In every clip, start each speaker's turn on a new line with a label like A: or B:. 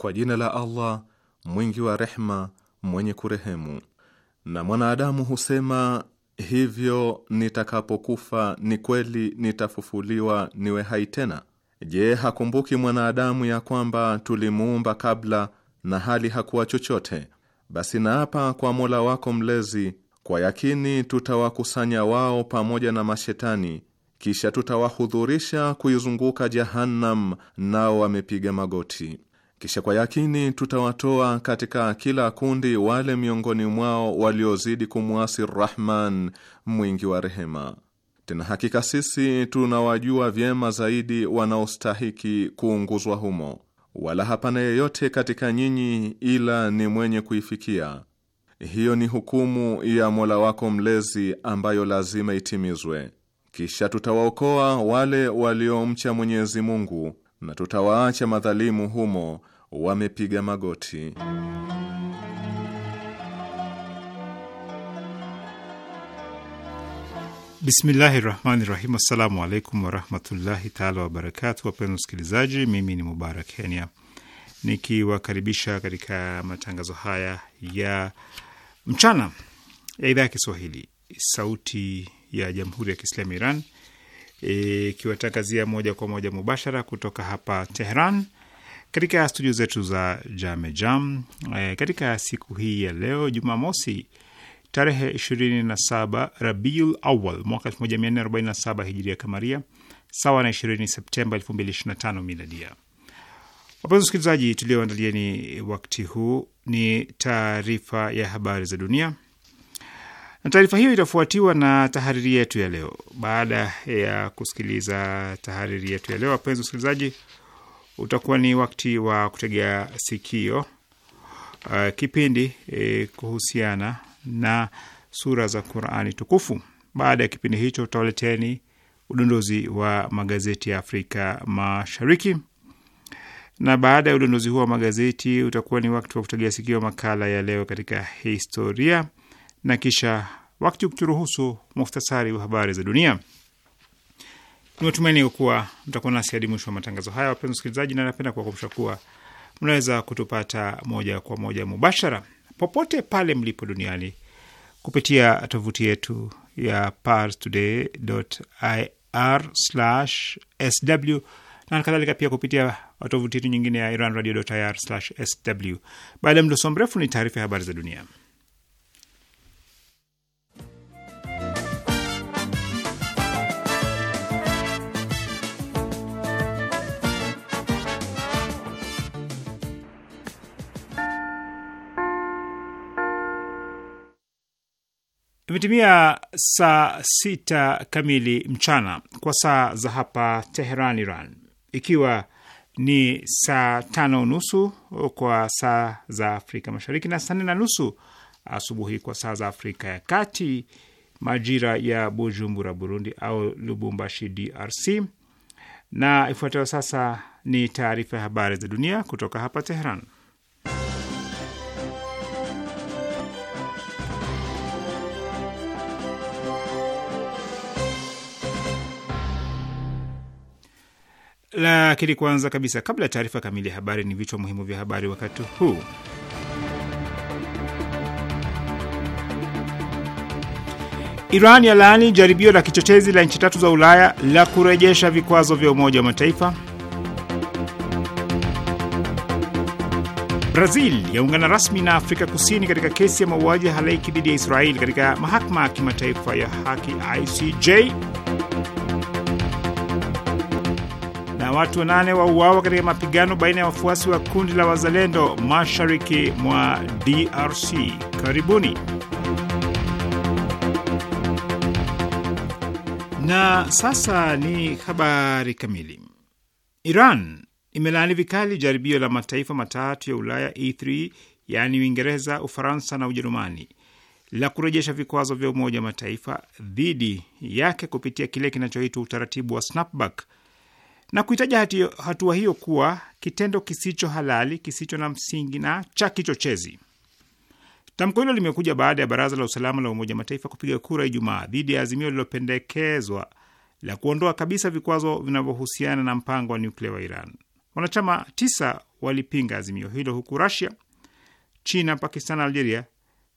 A: Kwa jina la Allah mwingi wa rehma, mwenye kurehemu. Na mwanadamu husema hivyo, nitakapokufa ni kweli nitafufuliwa niwe hai tena? Je, hakumbuki mwanadamu ya kwamba tulimuumba kabla na hali hakuwa chochote? Basi naapa kwa Mola wako Mlezi, kwa yakini tutawakusanya wao pamoja na mashetani, kisha tutawahudhurisha kuizunguka Jahannam, nao wamepiga magoti. Kisha kwa yakini tutawatoa katika kila kundi wale miongoni mwao waliozidi kumwasi Rahman mwingi wa rehema. Tena hakika sisi tunawajua vyema zaidi wanaostahiki kuunguzwa humo, wala hapana yeyote katika nyinyi ila ni mwenye kuifikia. Hiyo ni hukumu ya Mola wako Mlezi ambayo lazima itimizwe. Kisha tutawaokoa wale waliomcha Mwenyezi Mungu na tutawaacha madhalimu humo wamepiga magoti.
B: Bismillahi rahmani rahim. Assalamu alaikum warahmatullahi taala wabarakatu. Wapenzi wasikilizaji, mimi ni Mubarak Kenya nikiwakaribisha katika matangazo haya ya mchana ya idhaa ya Kiswahili sauti ya jamhuri ya Kiislamu Iran ikiwatangazia e, moja kwa moja mubashara kutoka hapa Tehran katika studio zetu za Jamejam e, eh, katika siku hii ya leo Jumamosi tarehe 27 Rabiul Awal mwaka 1447 hijiria kamaria sawa na 20 Septemba 2025 miladia. Wapenzi wasikilizaji, tulioandalieni wakati huu ni taarifa ya habari za dunia, na taarifa hiyo itafuatiwa na tahariri yetu ya leo. Baada ya kusikiliza tahariri yetu ya leo, wapenzi wasikilizaji utakuwa ni wakati wa kutegea sikio uh, kipindi eh, kuhusiana na sura za Qurani tukufu. Baada ya kipindi hicho, utawaleteni udondozi wa magazeti ya Afrika Mashariki, na baada ya udondozi huo wa magazeti utakuwa ni wakati wa kutegea sikio makala ya leo katika historia, na kisha wakati kuturuhusu muhtasari wa habari za dunia. Natumaini kuwa mtakuwa nasi hadi mwisho wa matangazo haya, wapenzi wasikilizaji, na napenda kuwakumbusha kuwa mnaweza kutupata moja kwa moja mubashara popote pale mlipo duniani kupitia tovuti yetu ya parstoday.ir/sw na kadhalika, pia kupitia tovuti yetu nyingine ya iranradio.ir/sw. Baada ya mdoso mrefu, ni taarifa ya habari za dunia. Imetimia saa sita kamili mchana kwa saa za hapa Teheran, Iran, ikiwa ni saa tano nusu kwa saa za Afrika Mashariki na saa nne na nusu asubuhi kwa saa za Afrika ya Kati, majira ya Bujumbura, Burundi, au Lubumbashi, DRC. Na ifuatayo sasa ni taarifa ya habari za dunia kutoka hapa Teheran. Lakini kwanza kabisa, kabla ya taarifa kamili ya habari, ni vichwa muhimu vya habari wakati huu. Iran yalaani jaribio la kichochezi la nchi tatu za Ulaya la kurejesha vikwazo vya Umoja wa Mataifa. Brazil yaungana rasmi na Afrika Kusini katika kesi ya mauaji halaiki dhidi ya Israeli katika mahakama ya kimataifa ya haki ICJ. watu wanane wauawa katika mapigano baina ya wafuasi wa kundi la wazalendo mashariki mwa DRC. Karibuni. Na sasa ni habari kamili. Iran imelaani vikali jaribio la mataifa matatu ya Ulaya E3, yaani Uingereza, Ufaransa na Ujerumani, la kurejesha vikwazo vya Umoja wa Mataifa dhidi yake kupitia kile kinachoitwa utaratibu wa snapback na kuitaja hatua hiyo kuwa kitendo kisicho halali, kisicho na msingi na cha kichochezi. Tamko hilo limekuja baada ya baraza la usalama la Umoja Mataifa kupiga kura Ijumaa dhidi ya azimio lililopendekezwa la kuondoa kabisa vikwazo vinavyohusiana na mpango wa nyuklia wa Iran. Wanachama tisa walipinga azimio hilo huku Rusia, China, Pakistan na Algeria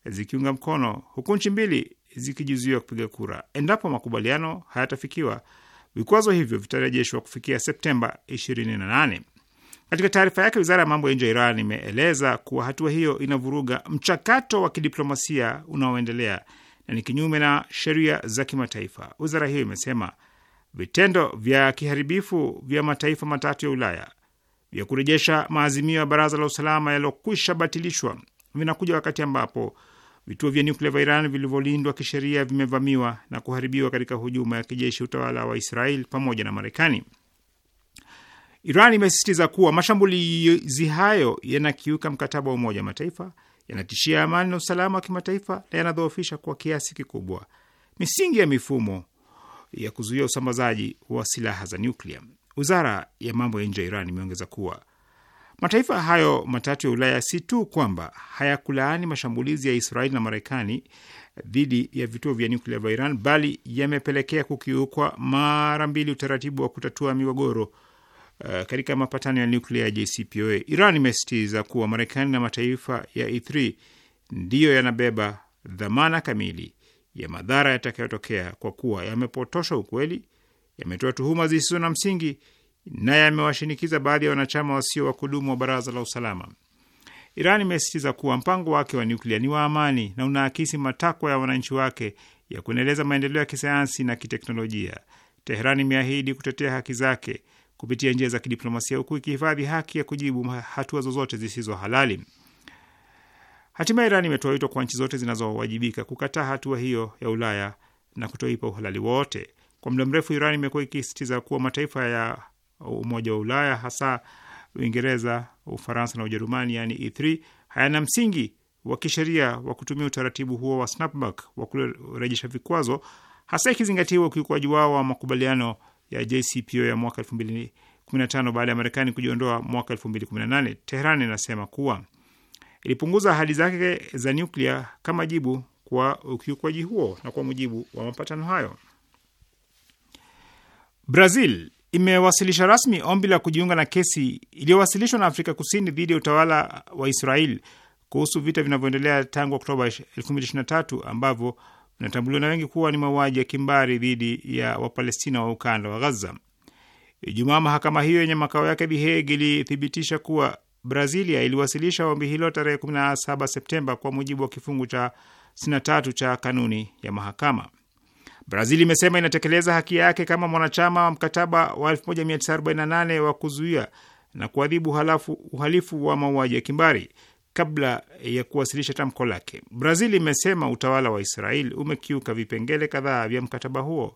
B: zikiunga mkono, huku nchi mbili zikijizuia kupiga kura. Endapo makubaliano hayatafikiwa, Vikwazo hivyo vitarejeshwa kufikia Septemba 28. Katika taarifa yake, wizara ya mambo ya nje ya Iran imeeleza kuwa hatua hiyo inavuruga mchakato wa kidiplomasia unaoendelea na ni kinyume na sheria za kimataifa. Wizara hiyo imesema vitendo vya kiharibifu vya mataifa matatu ya Ulaya vya kurejesha maazimio ya Baraza la Usalama yaliyokwisha batilishwa vinakuja wakati ambapo Vituo vya nyuklia vya Iran vilivyolindwa kisheria vimevamiwa na kuharibiwa katika hujuma ya kijeshi utawala wa Israel pamoja na Marekani. Iran imesisitiza kuwa mashambulizi hayo yanakiuka mkataba wa Umoja wa Mataifa, yanatishia amani na usalama wa kimataifa na yanadhoofisha kwa kiasi kikubwa misingi ya mifumo ya kuzuia usambazaji wa silaha za nyuklia. Wizara ya mambo ya nje ya Iran imeongeza kuwa Mataifa hayo matatu ya Ulaya si tu kwamba hayakulaani mashambulizi ya Israeli na Marekani dhidi ya vituo vya nyuklia vya Iran, bali yamepelekea kukiukwa mara mbili utaratibu wa kutatua migogoro Uh, katika mapatano ya nuklia ya JCPOA. Iran imesisitiza kuwa Marekani na mataifa ya E3 ndiyo yanabeba dhamana kamili ya madhara yatakayotokea kwa kuwa yamepotosha ukweli, yametoa tuhuma zisizo na msingi na yamewashinikiza baadhi ya wanachama wasio wa kudumu wa baraza la usalama. Iran imesisitiza kuwa mpango wake wa nyuklia ni wa amani na unaakisi matakwa ya wananchi wake ya kuendeleza maendeleo ya kisayansi na kiteknolojia. Teheran imeahidi kutetea haki zake kupitia njia za kidiplomasia, huku ikihifadhi haki ya kujibu hatua zozote zisizo halali. Hatimaye Iran imetoa wito kwa nchi zote zinazowajibika kukataa hatua hiyo ya Ulaya na kutoipa uhalali wote. Kwa muda mrefu, Iran imekuwa ikisisitiza kuwa mataifa ya Umoja wa Ulaya, hasa Uingereza, Ufaransa na Ujerumani, yani E3, hayana msingi wa kisheria wa kutumia utaratibu huo wa snapback wa kurejesha vikwazo, hasa ikizingatiwa ukiukaji wao wa makubaliano ya jcpo ya mwaka 2015 baada ya Marekani kujiondoa mwaka 2018. Tehran inasema kuwa ilipunguza ahadi zake za nyuklia kama jibu kwa ukiukwaji huo na kwa mujibu wa mapatano hayo. Brazil imewasilisha rasmi ombi la kujiunga na kesi iliyowasilishwa na Afrika Kusini dhidi ya utawala wa Israel kuhusu vita vinavyoendelea tangu Oktoba 2023 ambavyo vinatambuliwa na wengi kuwa ni mauaji ya kimbari dhidi ya Wapalestina wa ukanda wa Gaza. Ijumaa, mahakama hiyo yenye makao yake The Hague ilithibitisha kuwa Brazilia iliwasilisha ombi hilo tarehe 17 Septemba kwa mujibu wa kifungu cha 63 cha kanuni ya mahakama. Brazil imesema inatekeleza haki yake kama mwanachama wa mkataba wa 1948 wa kuzuia na kuadhibu uhalifu wa mauaji ya kimbari. Kabla ya kuwasilisha tamko lake, Brazil imesema utawala wa Israel umekiuka vipengele kadhaa vya mkataba huo.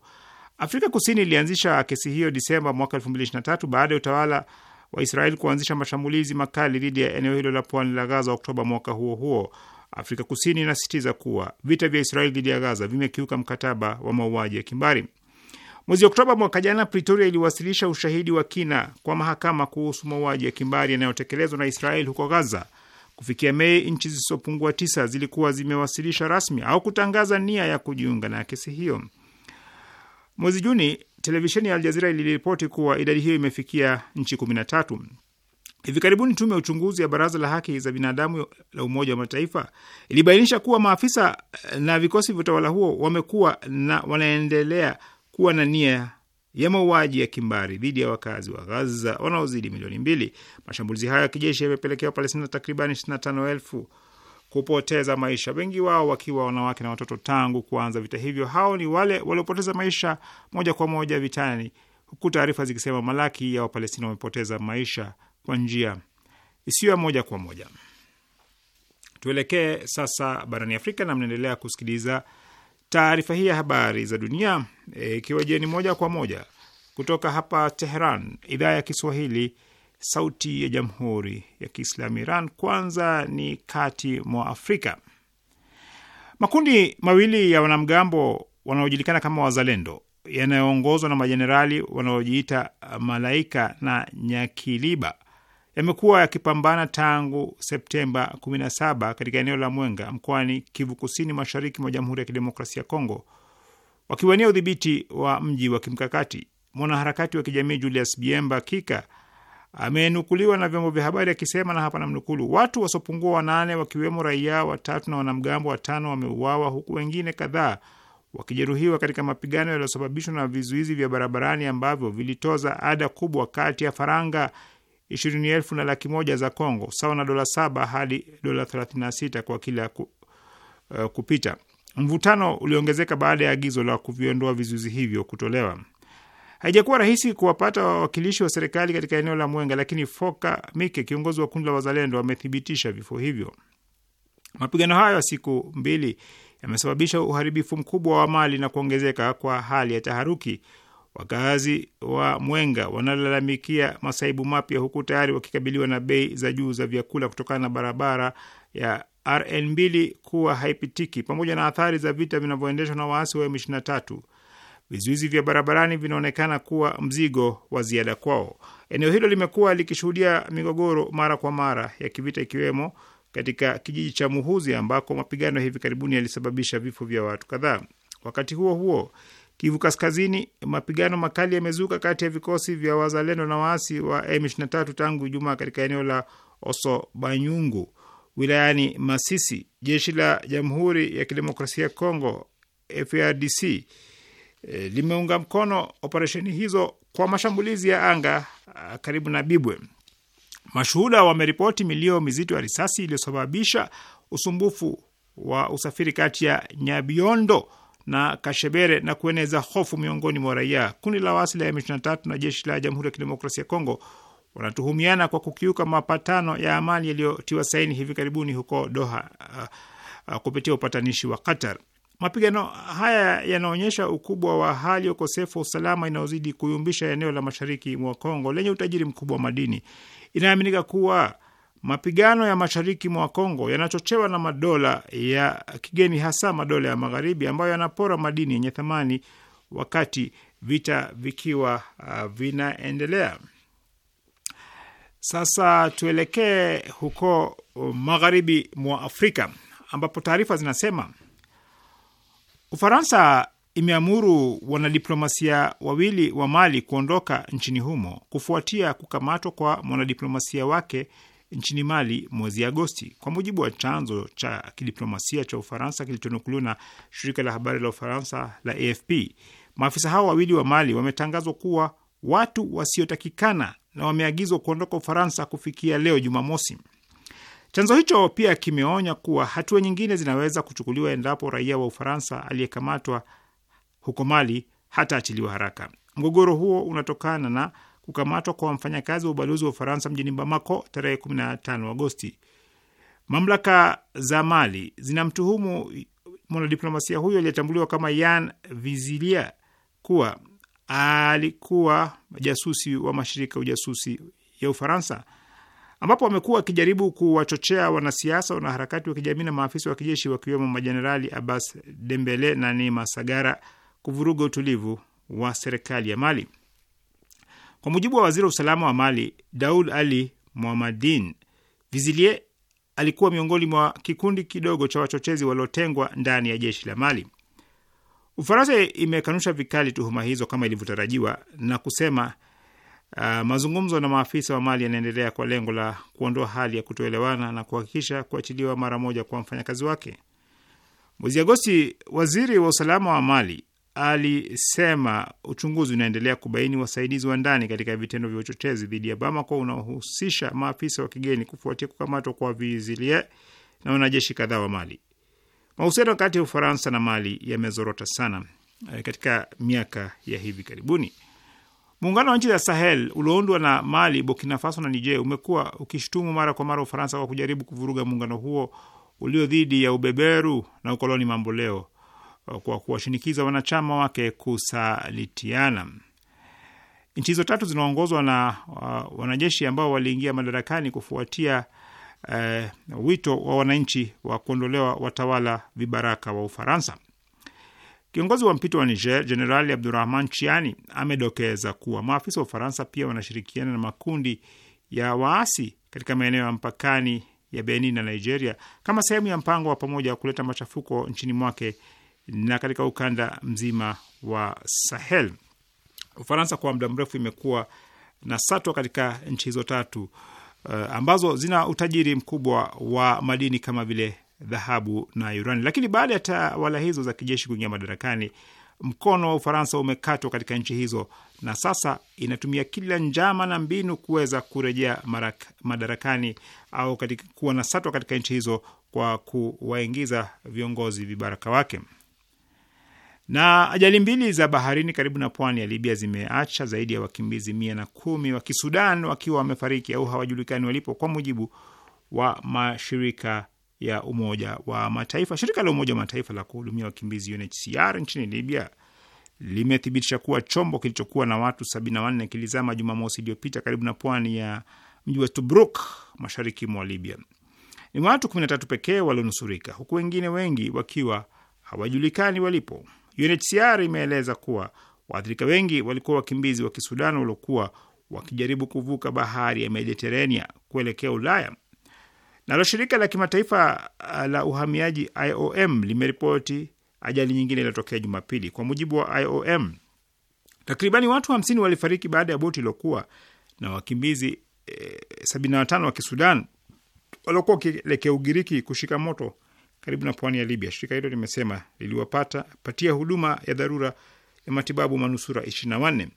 B: Afrika Kusini ilianzisha kesi hiyo Disemba mwaka 2023 baada ya utawala wa Israel kuanzisha mashambulizi makali dhidi ya eneo hilo la pwani la Gaza Oktoba mwaka huo huo. Afrika Kusini inasisitiza kuwa vita vya Israeli dhidi ya Gaza vimekiuka mkataba wa mauaji ya kimbari. Mwezi Oktoba mwaka jana, Pretoria iliwasilisha ushahidi wa kina kwa mahakama kuhusu mauaji ya kimbari yanayotekelezwa na Israeli huko Gaza. Kufikia Mei, nchi zisizopungua tisa zilikuwa zimewasilisha rasmi au kutangaza nia ya kujiunga na kesi hiyo. Mwezi Juni, televisheni ya Aljazira iliripoti kuwa idadi hiyo imefikia nchi kumi na tatu. Hivi karibuni tume ya uchunguzi ya baraza la haki za binadamu la Umoja wa Mataifa ilibainisha kuwa maafisa eh, na vikosi vya utawala huo wamekuwa na wanaendelea kuwa na nia ya mauaji ya kimbari dhidi ya wakazi wa Ghaza wanaozidi milioni mbili. Mashambulizi hayo ya kijeshi yamepelekea Wapalestina takribani 25,000 kupoteza maisha, wengi wao wakiwa wanawake na watoto. Tangu kuanza vita hivyo, hao ni wale waliopoteza maisha moja kwa moja vitani, huku taarifa zikisema malaki ya Wapalestina wamepoteza maisha kwa njia isiyo ya moja kwa moja. Tuelekee sasa barani Afrika na mnaendelea kusikiliza taarifa hii ya habari za dunia e, ikiwa e, jeni moja kwa moja kutoka hapa Tehran, idhaa ya Kiswahili, sauti ya jamhuri ya kiislamu Iran. Kwanza ni kati mwa Afrika. Makundi mawili ya wanamgambo wanaojulikana kama Wazalendo yanayoongozwa na majenerali wanaojiita Malaika na Nyakiliba yamekuwa yakipambana tangu Septemba 17 katika eneo la Mwenga mkoani Kivu Kusini, mashariki mwa Jamhuri ya Kidemokrasia ya Kongo, wakiwania udhibiti wa mji wa kimkakati. Mwanaharakati wa kijamii Julius Biemba Kika amenukuliwa na vyombo vya habari akisema, na hapa namnukulu, watu wasiopungua wanane wakiwemo raia watatu na wanamgambo watano wameuawa huku wengine kadhaa wakijeruhiwa katika mapigano yaliyosababishwa na vizuizi vya barabarani ambavyo vilitoza ada kubwa kati ya faranga ishirini elfu na laki moja za Kongo, sawa na dola saba hadi dola thelathini na sita kwa kila ku, uh, kupita. Mvutano uliongezeka baada ya agizo la kuviondoa vizuizi hivyo kutolewa. Haijakuwa rahisi kuwapata wawakilishi wa serikali katika eneo la Mwenga, lakini Foka Mike, kiongozi wa kundi la Wazalendo, amethibitisha vifo hivyo. Mapigano hayo ya siku mbili yamesababisha uharibifu mkubwa wa mali na kuongezeka kwa hali ya taharuki. Wakazi wa Mwenga wanalalamikia masaibu mapya, huku tayari wakikabiliwa na bei za juu za vyakula kutokana na barabara ya RN2 kuwa haipitiki pamoja na athari za vita vinavyoendeshwa na waasi wa M23. Vizuizi vya barabarani vinaonekana kuwa mzigo wa ziada kwao. Eneo hilo limekuwa likishuhudia migogoro mara kwa mara ya kivita, ikiwemo katika kijiji cha Muhuzi ambako mapigano hivi karibuni yalisababisha vifo vya watu kadhaa. Wakati huo huo, Kivu Kaskazini, mapigano makali yamezuka kati ya vikosi vya wazalendo na waasi wa M23 tangu Ijumaa katika eneo la Osobanyungu wilayani Masisi. Jeshi la Jamhuri ya Kidemokrasia ya Kongo, FARDC, e, eh, limeunga mkono operesheni hizo kwa mashambulizi ya anga a, ah, karibu na Bibwe. Mashuhuda wameripoti milio mizito ya risasi iliyosababisha usumbufu wa usafiri kati ya Nyabiondo na Kashebere na kueneza hofu miongoni mwa raia. Kundi la waasi la M23 na jeshi la Jamhuri ya Kidemokrasia ya Kongo wanatuhumiana kwa kukiuka mapatano ya amani yaliyotiwa saini hivi karibuni huko Doha uh, uh, kupitia upatanishi wa Qatar. Mapigano haya yanaonyesha ukubwa wa hali ya ukosefu wa usalama inayozidi kuyumbisha eneo la mashariki mwa Kongo lenye utajiri mkubwa wa madini. Inaaminika kuwa Mapigano ya mashariki mwa Kongo yanachochewa na madola ya kigeni, hasa madola ya magharibi ambayo yanapora madini yenye thamani wakati vita vikiwa uh, vinaendelea. Sasa tuelekee huko uh, magharibi mwa Afrika ambapo taarifa zinasema Ufaransa imeamuru wanadiplomasia wawili wa Mali kuondoka nchini humo kufuatia kukamatwa kwa mwanadiplomasia wake nchini Mali mwezi Agosti. Kwa mujibu wa chanzo cha kidiplomasia cha Ufaransa kilichonukuliwa na shirika la habari la Ufaransa la AFP, maafisa hao wawili wa Mali wametangazwa kuwa watu wasiotakikana na wameagizwa kuondoka Ufaransa kufikia leo Jumamosi. Chanzo hicho pia kimeonya kuwa hatua nyingine zinaweza kuchukuliwa endapo raia wa Ufaransa aliyekamatwa huko Mali hataachiliwa haraka. Mgogoro huo unatokana na kukamatwa kwa mfanyakazi wa ubalozi wa Ufaransa mjini Bamako tarehe 15 Agosti. Mamlaka za Mali zinamtuhumu mwanadiplomasia huyo aliyetambuliwa kama Yan Vizilia kuwa alikuwa jasusi wa mashirika ujasusi ya Ufaransa, ambapo amekuwa akijaribu kuwachochea wanasiasa, wanaharakati wa kijamii na maafisa wa kijeshi wakiwemo majenerali Abbas Dembele na nima Sagara kuvuruga utulivu wa serikali ya Mali. Kwa mujibu wa waziri wa usalama wa Mali, Daud Ali Muhamadin, Vizilie alikuwa miongoni mwa kikundi kidogo cha wachochezi waliotengwa ndani ya jeshi la Mali. Ufaransa imekanusha vikali tuhuma hizo kama ilivyotarajiwa na kusema uh, mazungumzo na maafisa wa Mali yanaendelea kwa lengo la kuondoa hali ya kutoelewana na kuhakikisha kuachiliwa mara moja kwa mfanyakazi wake. Mwezi Agosti, waziri wa usalama wa Mali alisema uchunguzi unaendelea kubaini wasaidizi wa ndani katika vitendo vya uchochezi dhidi ya Bamako unaohusisha maafisa wa kigeni kufuatia kukamatwa kwa vizilie na wanajeshi kadhaa wa Mali. Mahusiano kati ya Ufaransa na Mali yamezorota sana eh, katika miaka ya hivi karibuni. Muungano wa nchi za Sahel ulioundwa na Mali, Burkina Faso na Niger umekuwa ukishutumu mara kwa mara Ufaransa kwa kujaribu kuvuruga muungano huo ulio dhidi ya ubeberu na ukoloni mamboleo leo kwa kuwashinikiza wanachama wake kusalitiana. Nchi hizo tatu zinaongozwa na uh, wanajeshi ambao waliingia madarakani kufuatia uh, wito wa wananchi wa kuondolewa watawala vibaraka wa Ufaransa. Kiongozi wa mpito wa Niger Jenerali Abdurahman Chiani amedokeza kuwa maafisa wa Ufaransa pia wanashirikiana na makundi ya waasi katika maeneo ya mpakani ya Benin na Nigeria kama sehemu ya mpango wa pamoja wa kuleta machafuko nchini mwake na katika ukanda mzima wa Sahel. Ufaransa kwa muda mrefu imekuwa na satwa katika nchi hizo tatu uh, ambazo zina utajiri mkubwa wa madini kama vile dhahabu na urani. Lakini baada ya tawala hizo za kijeshi kuingia madarakani, mkono wa Ufaransa umekatwa katika nchi hizo, na sasa inatumia kila njama na mbinu kuweza kurejea madarakani au katika, kuwa na satwa katika nchi hizo kwa kuwaingiza viongozi vibaraka wake. Na ajali mbili za baharini karibu na pwani ya Libya zimeacha zaidi ya wakimbizi mia na kumi wa Kisudan wakiwa wamefariki au hawajulikani walipo, kwa mujibu wa mashirika ya Umoja wa Mataifa. Shirika la Umoja wa Mataifa la kuhudumia wakimbizi UNHCR nchini Libya limethibitisha kuwa chombo kilichokuwa na watu 74 kilizama Jumamosi iliyopita karibu na pwani ya mji wa Tobruk mashariki mwa Libya. Ni watu 13 pekee walionusurika huku wengine wengi wakiwa hawajulikani walipo. UNHCR imeeleza kuwa waathirika wengi walikuwa wakimbizi wa kisudan waliokuwa wakijaribu kuvuka bahari ya Mediterania kuelekea Ulaya. Nalo shirika la kimataifa uh, la uhamiaji IOM limeripoti ajali nyingine iliyotokea Jumapili. Kwa mujibu wa IOM, takribani watu 50 walifariki baada ya boti iliokuwa na wakimbizi eh, 75 wa Kisudan waliokuwa wakielekea Ugiriki kushika moto karibu na pwani ya Libya. Shirika hilo limesema liliwapata patia huduma ya dharura ya matibabu manusura 24.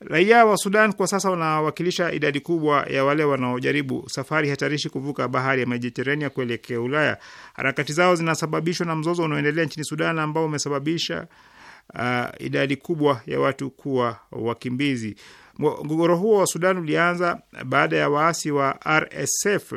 B: Raia wa Sudan kwa sasa wanawakilisha idadi kubwa ya wale wanaojaribu safari hatarishi kuvuka bahari ya Mediterania kuelekea Ulaya. Harakati zao zinasababishwa na mzozo unaoendelea nchini Sudan ambao umesababisha uh, idadi kubwa ya watu kuwa wakimbizi. Mgogoro huo wa Sudan ulianza baada ya waasi wa RSF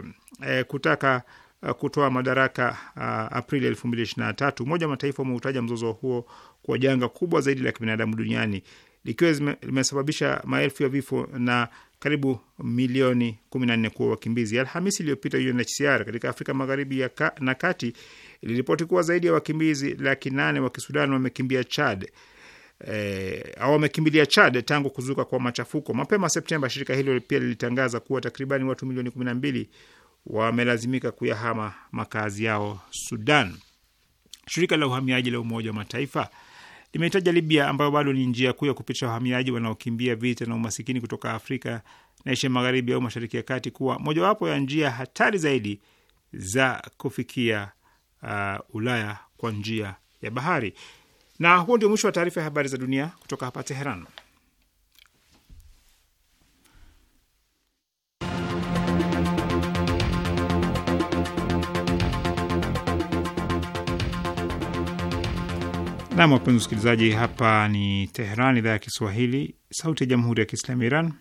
B: eh, kutaka Eh, kutoa madaraka uh, Aprili 2023. Umoja wa Mataifa umeutaja mzozo huo kwa janga kubwa zaidi la kibinadamu duniani likiwa limesababisha maelfu ya vifo na karibu milioni 14 kuwa wakimbizi. Alhamisi iliyopita UNHCR katika Afrika Magharibi ya ka, na Kati iliripoti kuwa zaidi ya wakimbizi laki nane wa Kisudani wamekimbia Chad eh, au wamekimbilia Chad tangu kuzuka kwa machafuko mapema Septemba. Shirika hilo pia lilitangaza kuwa takribani watu milioni kumi na mbili wamelazimika kuyahama makazi yao Sudan. Shirika la uhamiaji la Umoja wa Mataifa limetaja Libya, ambayo bado ni njia kuu ya kupitisha wahamiaji wanaokimbia vita na umasikini kutoka Afrika na Asia Magharibi au Mashariki ya Kati, kuwa mojawapo ya njia hatari zaidi za kufikia uh, Ulaya kwa njia ya bahari. Na huo ndio mwisho wa taarifa ya habari za dunia kutoka hapa Teheran. Nam, wapenzi usikilizaji, hapa ni Tehran, idhaa ya Kiswahili, sauti ya jamhuri ya kiislamu Iran.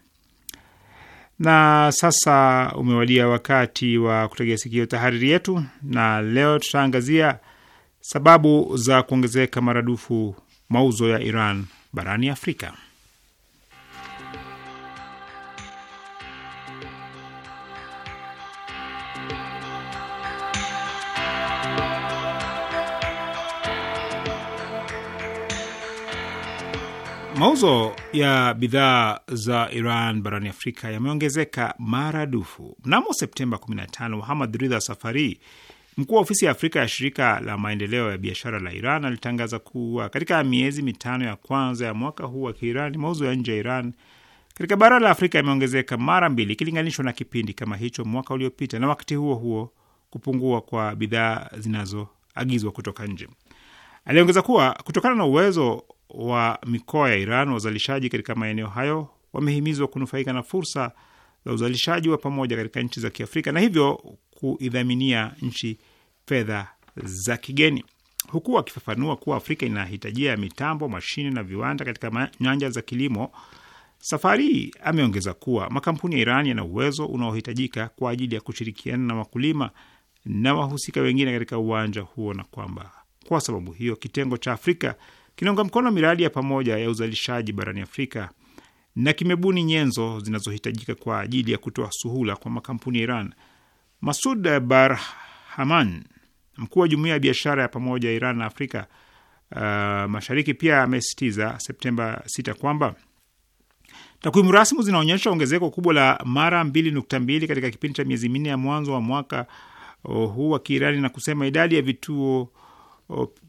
B: Na sasa umewadia wakati wa kutegea sikio tahariri yetu, na leo tutaangazia sababu za kuongezeka maradufu mauzo ya Iran barani Afrika. Mauzo ya bidhaa za Iran barani Afrika yameongezeka maradufu. Mnamo Septemba 15, Muhamad Ridha Safari, mkuu wa ofisi ya Afrika ya shirika la maendeleo ya biashara la Iran, alitangaza kuwa katika miezi mitano ya kwanza ya mwaka huu wa Kiirani, mauzo ya nje ya Iran katika bara la Afrika yameongezeka mara mbili ikilinganishwa na kipindi kama hicho mwaka uliopita, na wakati huo huo kupungua kwa bidhaa zinazoagizwa kutoka nje. Aliongeza kuwa kutokana na uwezo wa mikoa ya Iran, wazalishaji katika maeneo hayo wamehimizwa kunufaika na fursa za uzalishaji wa pamoja katika nchi za Kiafrika na hivyo kuidhaminia nchi fedha za kigeni, huku akifafanua kuwa Afrika inahitajia mitambo, mashine na viwanda katika nyanja za kilimo. Safari hii ameongeza kuwa makampuni ya Iran yana uwezo unaohitajika kwa ajili ya kushirikiana na wakulima na wahusika wengine katika uwanja huo na kwamba kwa sababu hiyo, kitengo cha Afrika kinaunga mkono miradi ya pamoja ya uzalishaji barani Afrika na kimebuni nyenzo zinazohitajika kwa ajili ya kutoa suhula kwa makampuni ya Iran. Masud Barhaman, mkuu wa jumuiya ya biashara ya pamoja ya Iran na Afrika uh, Mashariki, pia amesitiza Septemba 6 kwamba takwimu rasmi zinaonyesha ongezeko kubwa la mara 2.2 katika kipindi cha miezi minne ya mwanzo wa mwaka uh, huu wa Kiirani na kusema idadi ya vituo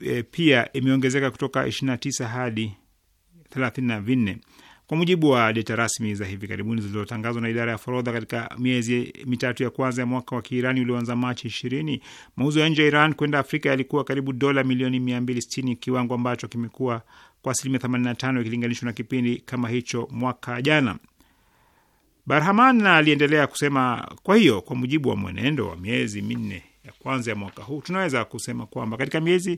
B: e, pia imeongezeka kutoka 29 hadi 34 kwa mujibu wa data rasmi za hivi karibuni zilizotangazwa na idara ya forodha katika miezi mitatu ya kwanza ya mwaka wa Kiirani ulioanza Machi 20, mauzo ya nje ya Iran kwenda Afrika yalikuwa karibu dola milioni 260, kiwango ambacho kimekuwa kwa asilimia 85 ikilinganishwa na kipindi kama hicho mwaka jana. Barhaman aliendelea kusema, kwa hiyo kwa mujibu wa mwenendo wa miezi minne ya kwanza ya mwaka huu, tunaweza kusema kwamba katika miezi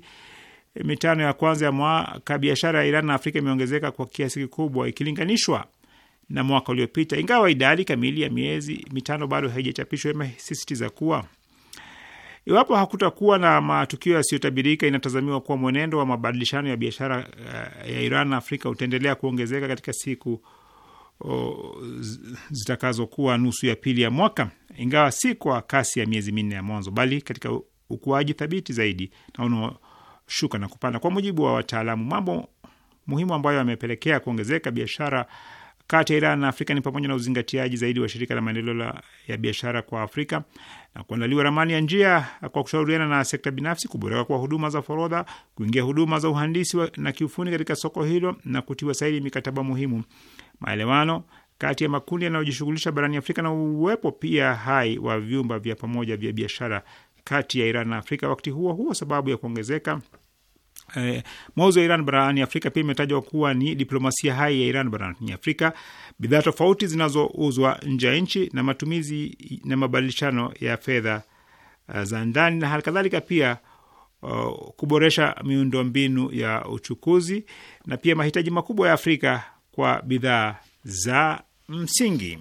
B: eh, mitano ya kwanza ya mwaka biashara ya Iran na Afrika imeongezeka kwa kiasi kikubwa ikilinganishwa na mwaka uliopita, ingawa idadi kamili ya miezi mitano bado haijachapishwa. Imesisitiza kuwa iwapo hakutakuwa na matukio yasiyotabirika, inatazamiwa kuwa mwenendo wa mabadilishano ya biashara eh, ya Iran na Afrika utaendelea kuongezeka katika siku zitakazokuwa nusu ya pili ya mwaka, ingawa si kwa kasi ya miezi minne ya mwanzo, bali katika ukuaji thabiti zaidi na unaoshuka na kupanda, kwa mujibu wa wataalamu. Mambo muhimu ambayo yamepelekea kuongezeka biashara kati ya Iran na Afrika ni pamoja na uzingatiaji zaidi wa shirika la maendeleo ya biashara kwa Afrika na kuandaliwa ramani ya njia kwa kushauriana na sekta binafsi, kuboreka kwa huduma za forodha, kuingia huduma za uhandisi na kiufundi katika soko hilo na kutiwa saini mikataba muhimu, maelewano kati ya makundi yanayojishughulisha barani Afrika na uwepo pia hai wa vyumba vya pamoja vya biashara kati ya Iran na Afrika. Wakati huo huo, sababu ya kuongezeka Eh, mauzo ya Iran barani Afrika pia imetajwa kuwa ni diplomasia hai ya Iran barani Afrika, bidhaa tofauti zinazouzwa nje ya nchi na matumizi na mabadilishano ya fedha eh, za ndani na hali kadhalika pia uh, kuboresha miundombinu ya uchukuzi na pia mahitaji makubwa ya Afrika kwa bidhaa za msingi.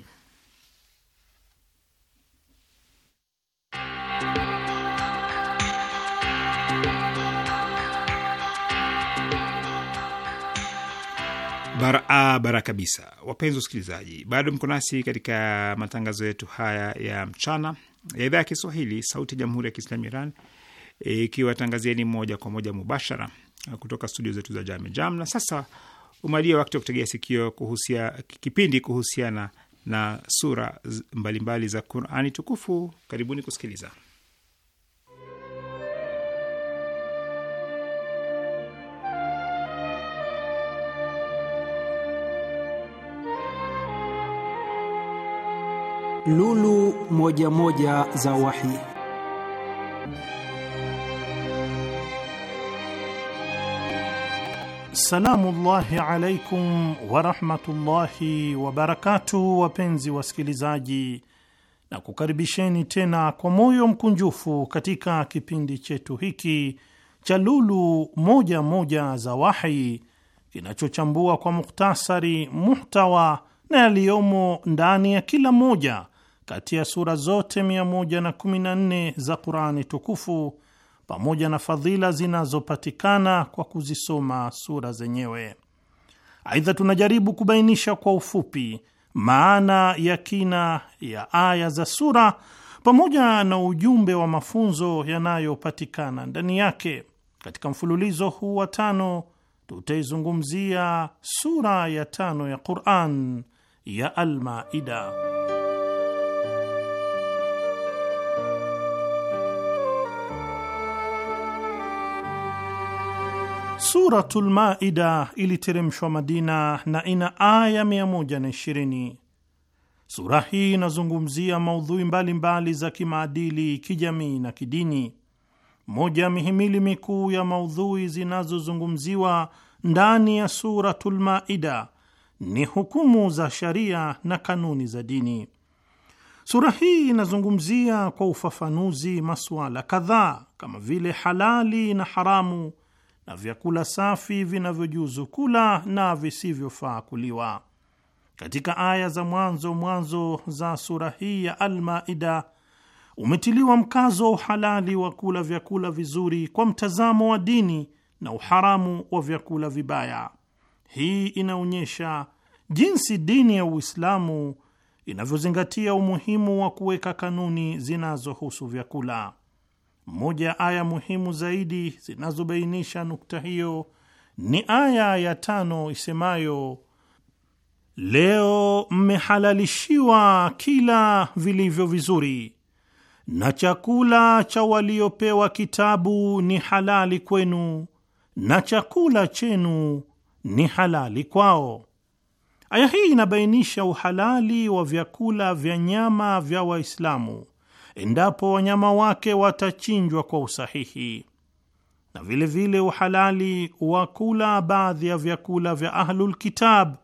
B: barabara ah, kabisa. Wapenzi wasikilizaji, bado mko nasi katika matangazo yetu haya ya mchana ya idhaa ya Kiswahili, Sauti ya Jamhuri ya Kiislamu Iran, ikiwatangazieni e, moja kwa moja mubashara kutoka studio zetu za Jame Jam. Na sasa umalia wakati wa kutegea sikio kuhusia kipindi kuhusiana na sura mbalimbali mbali za Qurani tukufu. Karibuni kusikiliza.
C: Lulu moja moja za Wahi. llahi alaikum warahmatullahi wabarakatuh, wapenzi wasikilizaji, na kukaribisheni tena kwa moyo mkunjufu katika kipindi chetu hiki cha Lulu moja moja za Wahi kinachochambua kwa mukhtasari muhtawa na yaliyomo ndani ya kila moja kati ya sura zote 114 za Qurani tukufu pamoja na fadhila zinazopatikana kwa kuzisoma sura zenyewe. Aidha, tunajaribu kubainisha kwa ufupi maana ya kina ya aya za sura pamoja na ujumbe wa mafunzo yanayopatikana ndani yake. Katika mfululizo huu wa tano tutaizungumzia sura ya tano ya Quran ya Almaida. Suratul Maida iliteremshwa Madina na ina aya 120. Sura hii inazungumzia maudhui mbalimbali za kimaadili, kijamii na kidini. Moja ya mihimili mikuu ya maudhui zinazozungumziwa ndani ya Suratul Maida ni hukumu za sharia na kanuni za dini. Sura hii inazungumzia kwa ufafanuzi masuala kadhaa kama vile halali na haramu na vyakula safi vinavyojuzu kula na visivyofaa kuliwa. Katika aya za mwanzo mwanzo za sura hii ya Almaida umetiliwa mkazo wa uhalali wa kula vyakula vizuri kwa mtazamo wa dini na uharamu wa vyakula vibaya. Hii inaonyesha jinsi dini ya Uislamu inavyozingatia umuhimu wa kuweka kanuni zinazohusu vyakula. Moja ya aya muhimu zaidi zinazobainisha nukta hiyo ni aya ya tano isemayo, leo mmehalalishiwa kila vilivyo vizuri na chakula cha waliopewa kitabu ni halali kwenu na chakula chenu ni halali kwao. Aya hii inabainisha uhalali wa vyakula vya nyama vya Waislamu endapo wanyama wake watachinjwa kwa usahihi, na vilevile vile uhalali wa kula baadhi ya vyakula vya Ahlul Kitab,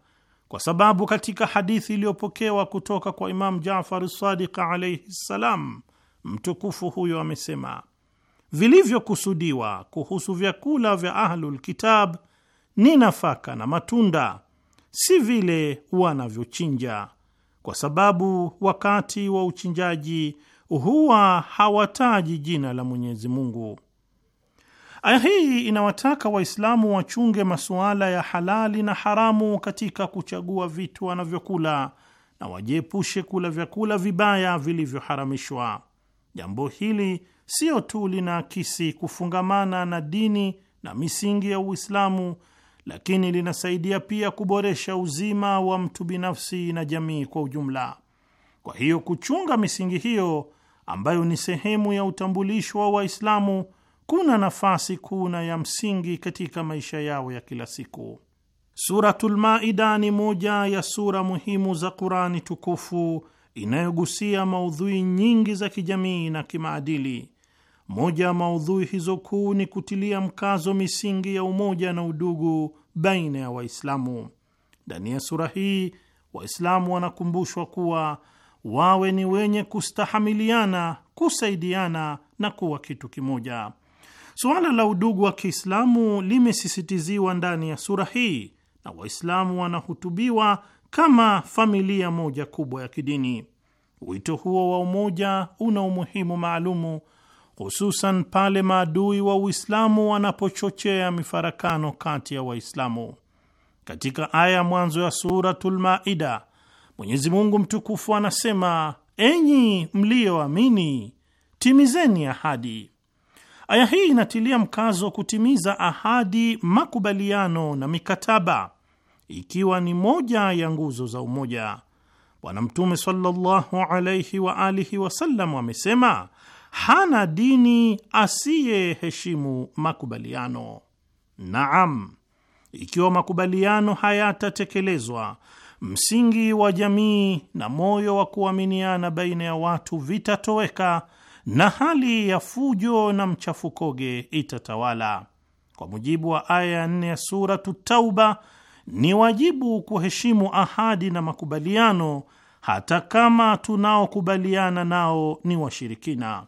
C: kwa sababu katika hadithi iliyopokewa kutoka kwa Imamu Jafar Sadiq alaihi ssalam, mtukufu huyo amesema vilivyokusudiwa kuhusu vyakula vya Ahlul Kitab ni nafaka na matunda, si vile wanavyochinja, kwa sababu wakati wa uchinjaji huwa hawataji jina la Mwenyezi Mungu. Aya hii inawataka Waislamu wachunge masuala ya halali na haramu katika kuchagua vitu wanavyokula na wajiepushe kula vyakula vibaya vilivyoharamishwa. Jambo hili siyo tu linaakisi kufungamana na dini na misingi ya Uislamu lakini linasaidia pia kuboresha uzima wa mtu binafsi na jamii kwa ujumla. Kwa hiyo kuchunga misingi hiyo ambayo ni sehemu ya utambulisho wa Waislamu kuna nafasi kuna ya msingi katika maisha yao ya kila siku. Suratul Maida ni moja ya sura muhimu za Qurani tukufu inayogusia maudhui nyingi za kijamii na kimaadili. Moja ya maudhui hizo kuu ni kutilia mkazo misingi ya umoja na udugu baina ya Waislamu. Ndani ya sura hii Waislamu wanakumbushwa kuwa wawe ni wenye kustahamiliana, kusaidiana na kuwa kitu kimoja. Suala la udugu wa Kiislamu limesisitiziwa ndani ya sura hii na Waislamu wanahutubiwa kama familia moja kubwa ya kidini. Wito huo wa umoja una umuhimu maalumu hususan pale maadui wa Uislamu wanapochochea mifarakano kati ya Waislamu. Katika aya ya mwanzo ya Suratul Maida, Mwenyezi Mungu mtukufu anasema, enyi mliyoamini, timizeni ahadi. Aya hii inatilia mkazo kutimiza ahadi, makubaliano na mikataba, ikiwa ni moja ya nguzo za umoja. Bwana Mtume sallallahu alaihi wa alihi wasallam amesema hana dini asiyeheshimu makubaliano. Naam, ikiwa makubaliano hayatatekelezwa, msingi wa jamii na moyo wa kuaminiana baina ya watu vitatoweka na hali ya fujo na mchafukoge itatawala. Kwa mujibu wa aya ya nne ya Suratu Tauba, ni wajibu kuheshimu ahadi na makubaliano, hata kama tunaokubaliana nao ni washirikina.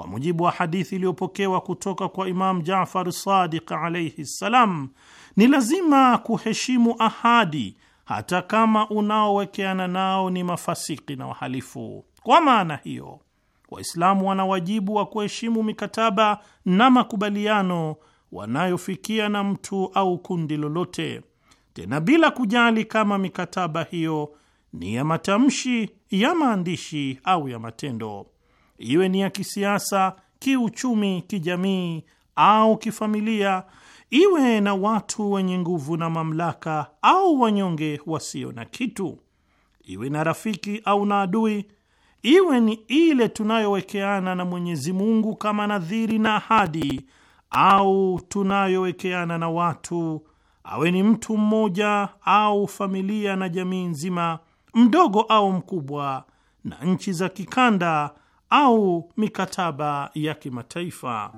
C: Kwa mujibu wa hadithi iliyopokewa kutoka kwa Imam Jafar Sadiq alaihi ssalam, ni lazima kuheshimu ahadi hata kama unaowekeana nao ni mafasiki na wahalifu. Kwa maana hiyo, Waislamu wana wajibu wa kuheshimu mikataba na makubaliano wanayofikia na mtu au kundi lolote, tena bila kujali kama mikataba hiyo ni ya matamshi, ya maandishi au ya matendo iwe ni ya kisiasa, kiuchumi, kijamii au kifamilia, iwe na watu wenye nguvu na mamlaka au wanyonge wasio na kitu, iwe na rafiki au na adui, iwe ni ile tunayowekeana na Mwenyezi Mungu kama nadhiri na ahadi au tunayowekeana na watu, awe ni mtu mmoja au familia na jamii nzima, mdogo au mkubwa, na nchi za kikanda au mikataba ya kimataifa.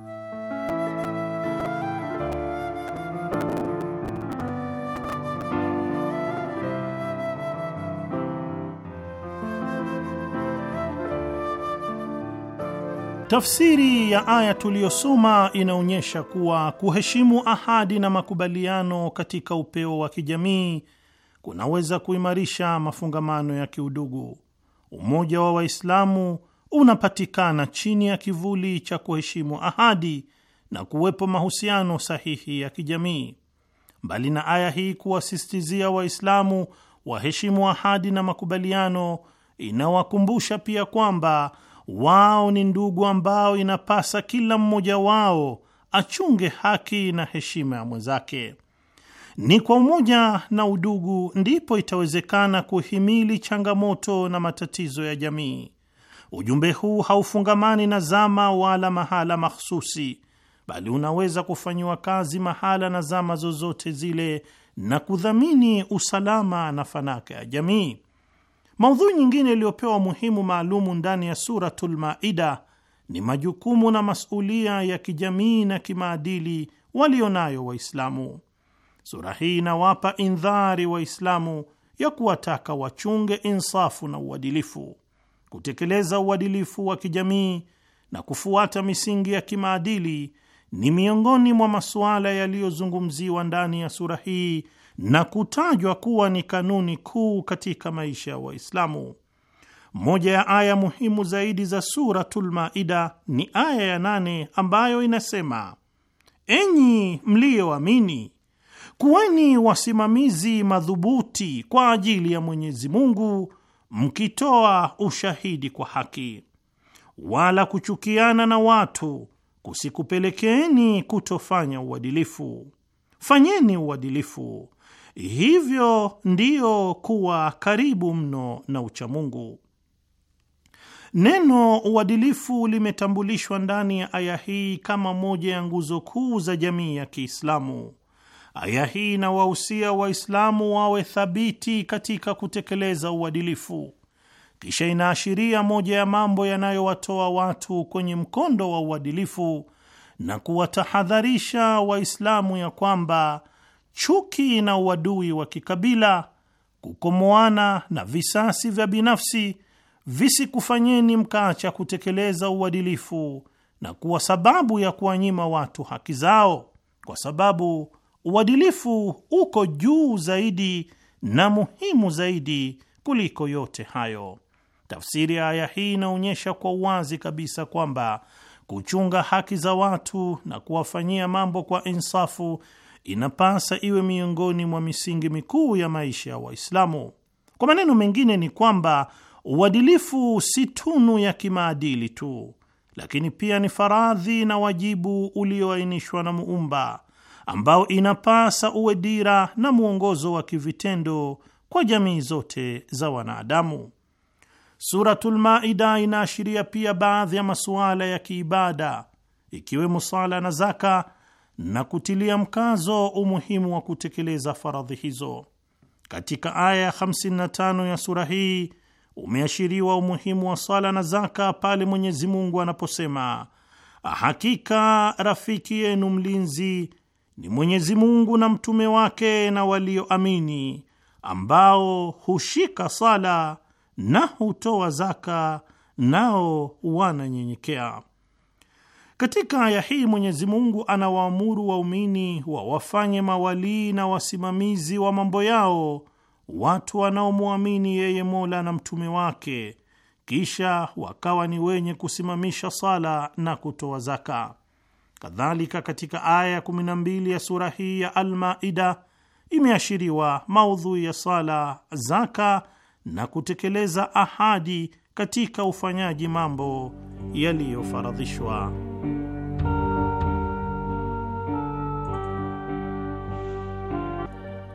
C: Tafsiri ya aya tuliyosoma inaonyesha kuwa kuheshimu ahadi na makubaliano katika upeo wa kijamii kunaweza kuimarisha mafungamano ya kiudugu. Umoja wa Waislamu unapatikana chini ya kivuli cha kuheshimu ahadi na kuwepo mahusiano sahihi ya kijamii. Mbali na aya hii kuwasisitizia Waislamu waheshimu ahadi na makubaliano, inawakumbusha pia kwamba wao ni ndugu ambao inapasa kila mmoja wao achunge haki na heshima ya mwenzake. Ni kwa umoja na udugu ndipo itawezekana kuhimili changamoto na matatizo ya jamii Ujumbe huu haufungamani na zama wala mahala mahsusi, bali unaweza kufanyiwa kazi mahala na zama zozote zile na kudhamini usalama na fanaka ya jamii. Maudhui nyingine iliyopewa umuhimu maalumu ndani ya Suratul Maida ni majukumu na masulia ya kijamii na kimaadili walio nayo Waislamu. Sura hii inawapa indhari Waislamu ya kuwataka wachunge insafu na uadilifu kutekeleza uadilifu wa kijamii na kufuata misingi ya kimaadili ni miongoni mwa masuala yaliyozungumziwa ndani ya sura hii na kutajwa kuwa ni kanuni kuu katika maisha ya wa Waislamu. Moja ya aya muhimu zaidi za Suratul Maida ni aya ya nane ambayo inasema: enyi mliyoamini, kuweni wasimamizi madhubuti kwa ajili ya Mwenyezi Mungu mkitoa ushahidi kwa haki, wala kuchukiana na watu kusikupelekeni kutofanya uadilifu. Fanyeni uadilifu, hivyo ndiyo kuwa karibu mno na uchamungu. Neno uadilifu limetambulishwa ndani ya aya hii kama moja ya nguzo kuu za jamii ya Kiislamu Aya hii inawahusia Waislamu wawe thabiti katika kutekeleza uadilifu, kisha inaashiria moja ya mambo yanayowatoa watu kwenye mkondo wa uadilifu na kuwatahadharisha Waislamu ya kwamba chuki na uadui wa kikabila, kukomoana na visasi vya binafsi visikufanyeni mkaacha kutekeleza uadilifu na kuwa sababu ya kuwanyima watu haki zao, kwa sababu uadilifu uko juu zaidi na muhimu zaidi kuliko yote hayo. Tafsiri ya aya hii inaonyesha kwa uwazi kabisa kwamba kuchunga haki za watu na kuwafanyia mambo kwa insafu inapasa iwe miongoni mwa misingi mikuu ya maisha ya Waislamu. Kwa maneno mengine, ni kwamba uadilifu si tunu ya kimaadili tu, lakini pia ni faradhi na wajibu ulioainishwa na Muumba ambao inapasa uwe dira na mwongozo wa kivitendo kwa jamii zote za wanadamu. Suratul Maida inaashiria pia baadhi ya masuala ya kiibada ikiwemo sala na zaka na kutilia mkazo umuhimu wa kutekeleza faradhi hizo. Katika aya ya 55 ya sura hii umeashiriwa umuhimu wa sala na zaka pale Mwenyezi Mungu anaposema, hakika rafiki yenu mlinzi ni Mwenyezi Mungu na mtume wake na walioamini ambao hushika sala na hutoa zaka, nao wananyenyekea. Katika aya hii Mwenyezi Mungu anawaamuru waumini wawafanye mawalii na wasimamizi wa mambo yao watu wanaomwamini yeye Mola na mtume wake, kisha wakawa ni wenye kusimamisha sala na kutoa zaka. Kadhalika, katika aya ya 12 ya sura hii ya Almaida imeashiriwa maudhui ya sala, zaka na kutekeleza ahadi katika ufanyaji mambo yaliyofaradhishwa.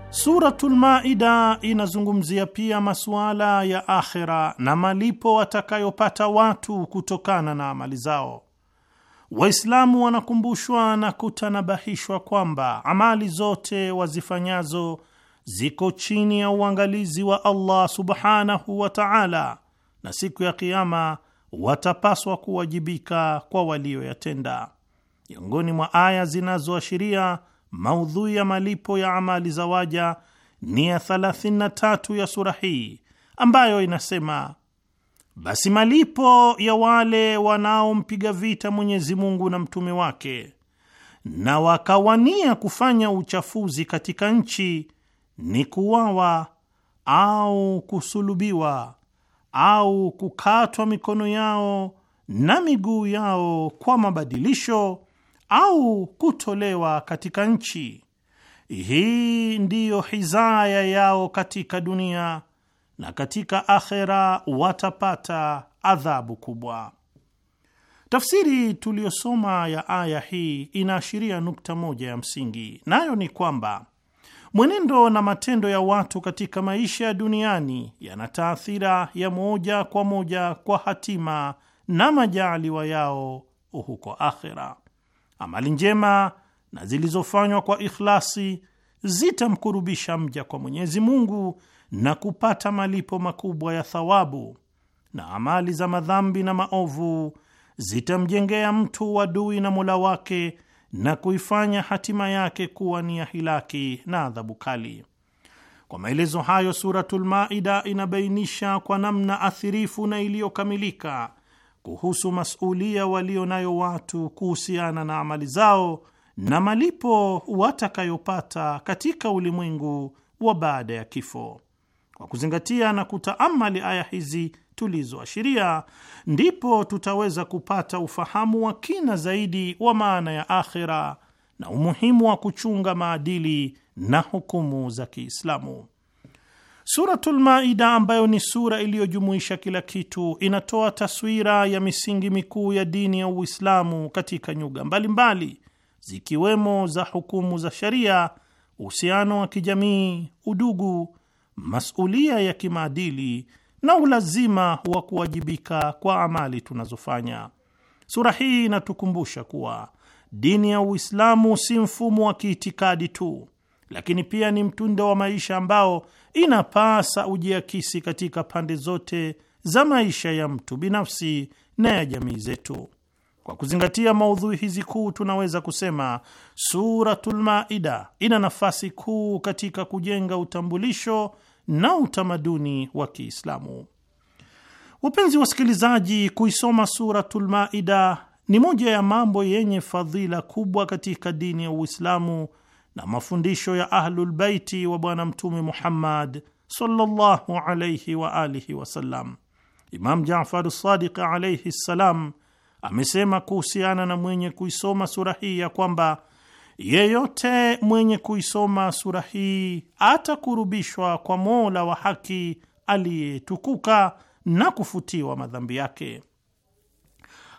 C: Suratul Maida inazungumzia pia masuala ya akhira na malipo watakayopata watu kutokana na amali zao. Waislamu wanakumbushwa na kutanabahishwa kwamba amali zote wazifanyazo ziko chini ya uangalizi wa Allah subhanahu wa ta'ala, na siku ya kiama watapaswa kuwajibika kwa walioyatenda. Miongoni mwa aya zinazoashiria maudhui ya malipo ya amali za waja ni ya 33 ya sura hii ambayo inasema basi malipo ya wale wanaompiga vita Mwenyezi Mungu na mtume wake na wakawania kufanya uchafuzi katika nchi ni kuwawa au kusulubiwa au kukatwa mikono yao na miguu yao kwa mabadilisho au kutolewa katika nchi. Hii ndiyo hizaya yao katika dunia na katika akhera watapata adhabu kubwa. Tafsiri tuliyosoma ya aya hii inaashiria nukta moja ya msingi, nayo ni kwamba mwenendo na matendo ya watu katika maisha ya duniani yana taathira ya moja kwa moja kwa hatima na majaaliwa yao huko akhera. Amali njema na zilizofanywa kwa ikhlasi zitamkurubisha mja kwa Mwenyezi Mungu na kupata malipo makubwa ya thawabu, na amali za madhambi na maovu zitamjengea mtu wadui na Mola wake na kuifanya hatima yake kuwa ni ya hilaki na adhabu kali. Kwa maelezo hayo, Suratul Maida inabainisha kwa namna athirifu na iliyokamilika kuhusu masulia walio nayo watu kuhusiana na amali zao na malipo watakayopata katika ulimwengu wa baada ya kifo. Kwa kuzingatia na kutaamali aya hizi tulizoashiria, ndipo tutaweza kupata ufahamu wa kina zaidi wa maana ya akhira na umuhimu wa kuchunga maadili na hukumu za Kiislamu. Suratul Maida ambayo ni sura iliyojumuisha kila kitu, inatoa taswira ya misingi mikuu ya dini ya Uislamu katika nyuga mbalimbali mbali, zikiwemo za hukumu za sharia, uhusiano wa kijamii, udugu masulia ya kimaadili na ulazima wa kuwajibika kwa amali tunazofanya. Sura hii inatukumbusha kuwa dini ya Uislamu si mfumo wa kiitikadi tu, lakini pia ni mtindo wa maisha ambao inapasa ujiakisi katika pande zote za maisha ya mtu binafsi na ya jamii zetu. Kwa kuzingatia maudhui hizi kuu, tunaweza kusema Suratul Maida ina nafasi kuu katika kujenga utambulisho na utamaduni wa Kiislamu. Wapenzi wasikilizaji, kuisoma Suratul Maida ni moja ya mambo yenye fadhila kubwa katika dini ya Uislamu na mafundisho ya Ahlulbaiti wa Bwana Mtume Muhammad sallallahu alayhi wa alihi wasallam. Imam Jafar Sadiq alayhi ssalam amesema kuhusiana na mwenye kuisoma sura hii ya kwamba Yeyote mwenye kuisoma sura hii atakurubishwa kwa Mola wa haki aliyetukuka na kufutiwa madhambi yake.